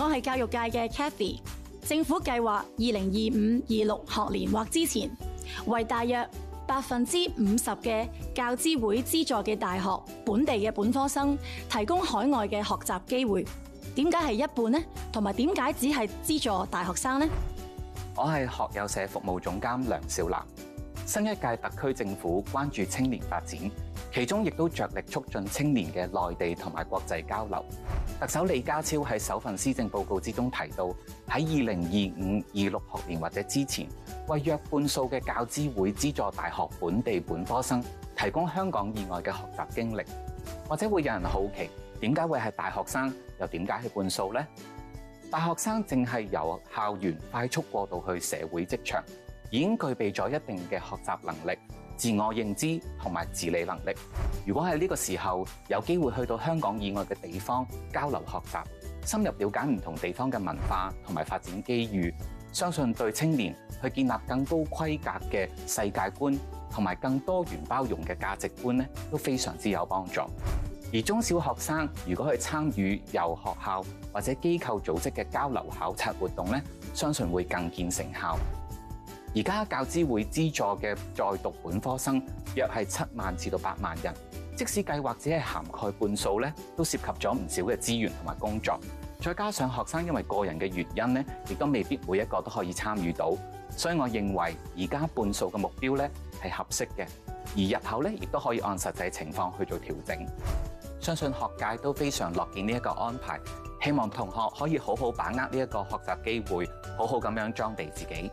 我係教育界嘅 Cathy，政府計劃二零二五二六學年或之前，為大約百分之五十嘅教資會資助嘅大學本地嘅本科生提供海外嘅學習機會。點解係一半呢？同埋點解只係資助大學生呢？我係學友社服務總監梁兆南。新一屆特區政府關注青年發展，其中亦都着力促進青年嘅內地同埋國際交流。特首李家超喺首份施政報告之中提到，喺二零二五二六學年或者之前，為約半數嘅教資會資助大學本地本科生提供香港以外嘅學習經歷，或者會有人好奇點解會係大學生，又點解係半數呢？大學生正係由校園快速過渡去社會職場。已經具備咗一定嘅學習能力、自我認知同埋自理能力。如果喺呢個時候有機會去到香港以外嘅地方交流學習，深入了解唔同地方嘅文化同埋發展機遇，相信對青年去建立更高規格嘅世界觀同埋更多元包容嘅價值觀咧，都非常之有幫助。而中小學生如果去參與由學校或者機構組織嘅交流考察活動咧，相信會更見成效。而家教資會資助嘅在讀本科生約係七萬至到八萬人，即使計劃只係涵蓋半數咧，都涉及咗唔少嘅資源同埋工作。再加上學生因為個人嘅原因咧，亦都未必每一個都可以參與到，所以我認為而家半數嘅目標咧係合適嘅，而日後咧亦都可以按實際情況去做調整。相信學界都非常樂見呢一個安排，希望同學可以好好把握呢一個學習機會，好好咁樣裝備自己。